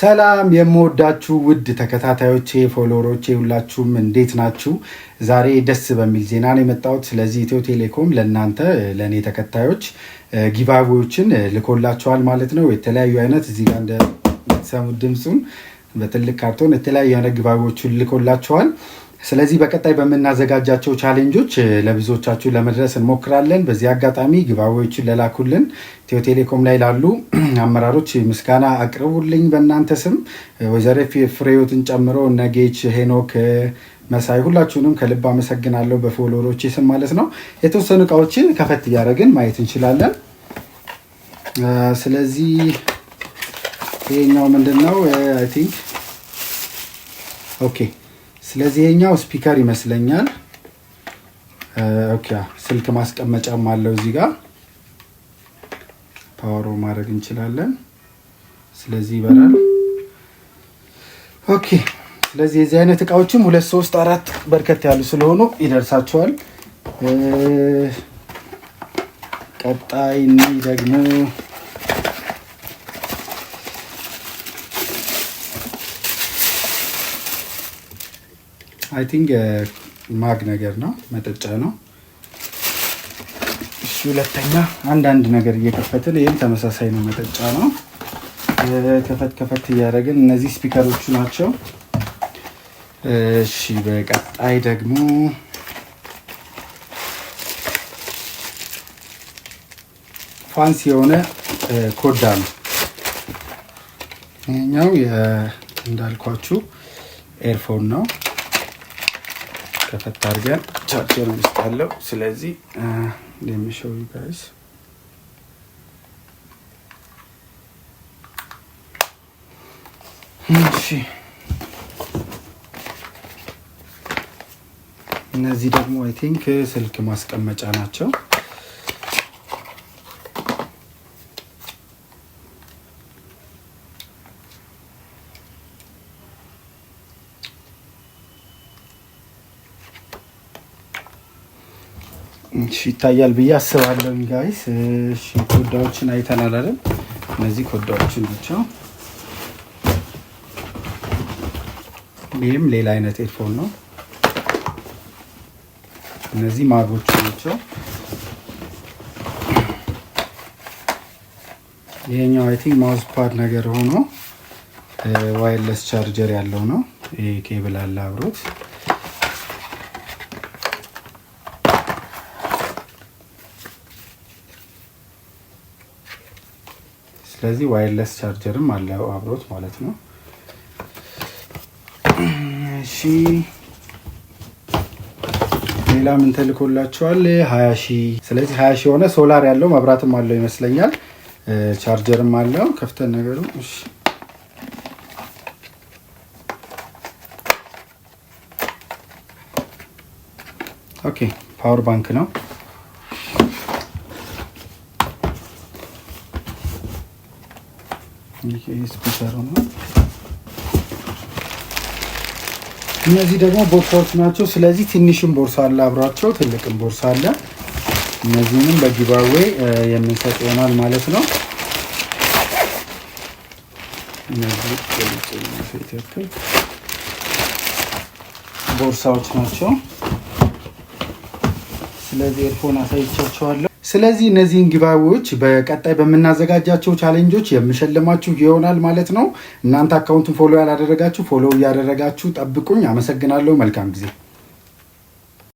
ሰላም የምወዳችሁ ውድ ተከታታዮቼ ፎሎወሮቼ ሁላችሁም እንዴት ናችሁ? ዛሬ ደስ በሚል ዜና ነው የመጣሁት። ስለዚህ ኢትዮ ቴሌኮም ለእናንተ ለእኔ ተከታዮች ጊቫዌዎችን ልኮላችኋል ማለት ነው። የተለያዩ አይነት እዚህ ጋር እንደሰሙት ድምፁን በትልቅ ካርቶን የተለያዩ አይነት ጊቫዌዎችን ልኮላችኋል። ስለዚህ በቀጣይ በምናዘጋጃቸው ቻሌንጆች ለብዙዎቻችሁ ለመድረስ እንሞክራለን። በዚህ አጋጣሚ ግባዎችን ለላኩልን ኢትዮ ቴሌኮም ላይ ላሉ አመራሮች ምስጋና አቅርቡልኝ በእናንተ ስም ወይዘሮ ፍሬዮትን ጨምሮ ነጌች፣ ሄኖክ መሳይ ሁላችሁንም ከልብ አመሰግናለሁ። በፎሎሮች ስም ማለት ነው። የተወሰኑ እቃዎችን ከፈት እያደረግን ማየት እንችላለን። ስለዚህ ይሄኛው ምንድን ነው? አይ ቲንክ ኦኬ ስለዚህ ይሄኛው ስፒከር ይመስለኛል። ኦኬ ስልክ ማስቀመጫም አለው እዚህ ጋር ፓወሮ ማድረግ እንችላለን። ስለዚህ ይበራል። ኦኬ ስለዚህ የዚህ አይነት እቃዎችም ሁለት ሶስት አራት በርከት ያሉ ስለሆኑ ይደርሳቸዋል። ቀጣይ ደግሞ አይ ቲንክ ማግ ነገር ነው፣ መጠጫ ነው። እሺ፣ ሁለተኛ አንዳንድ ነገር እየከፈትን ይህም ተመሳሳይ ነው፣ መጠጫ ነው። ከፈት ከፈት እያደረግን እነዚህ ስፒከሮቹ ናቸው። እሺ፣ በቀጣይ ደግሞ ፋንስ የሆነ ኮዳ ነው ይሄኛው። እንዳልኳችሁ ኤርፎን ነው። ከፈት አድርገን ቻርጀር ውስጥ አለው። ስለዚህ ለሚሾው ጋይስ እሺ እነዚህ ደግሞ አይ ቲንክ ስልክ ማስቀመጫ ናቸው። ይታያል ብዬ አስባለሁ ጋይስ። እሺ ኮዳዎችን አይተናል አይደል? እነዚህ ኮዳዎችን ናቸው። ይህም ሌላ አይነት ኤርፎን ነው። እነዚህ ማጎች ናቸው። ይሄኛው አይ ቲንክ ማውዝ ፓድ ነገር ሆኖ ዋይርለስ ቻርጀር ያለው ነው። ይሄ ኬብል አለ አብሮት ስለዚህ ዋይርለስ ቻርጀርም አለው አብሮት ማለት ነው። እሺ ሌላ ምን ተልኮላችኋል? ሀያ ሺ ስለዚህ ሀያ የሆነ ሶላር ያለው መብራትም አለው ይመስለኛል። ቻርጀርም አለው ከፍተን ነገሩ እሺ ኦኬ ፓወር ባንክ ነው። ስፒከር ነው። እነዚህ ደግሞ ቦርሳዎች ናቸው። ስለዚህ ትንሽም ቦርሳ አለ አብሯቸው፣ ትልቅም ቦርሳ አለ። እነዚህንም በጊባዌ የምንሰጥ ይሆናል ማለት ነው። እነዚህ ቦርሳዎች ናቸው። ስለዚህ ኤርፎን አሳይቻቸዋለሁ። ስለዚህ እነዚህን ጊቫዌዎች በቀጣይ በምናዘጋጃቸው ቻሌንጆች የምሸልማችሁ ይሆናል ማለት ነው። እናንተ አካውንቱን ፎሎ ያላደረጋችሁ ፎሎ እያደረጋችሁ ጠብቁኝ። አመሰግናለሁ። መልካም ጊዜ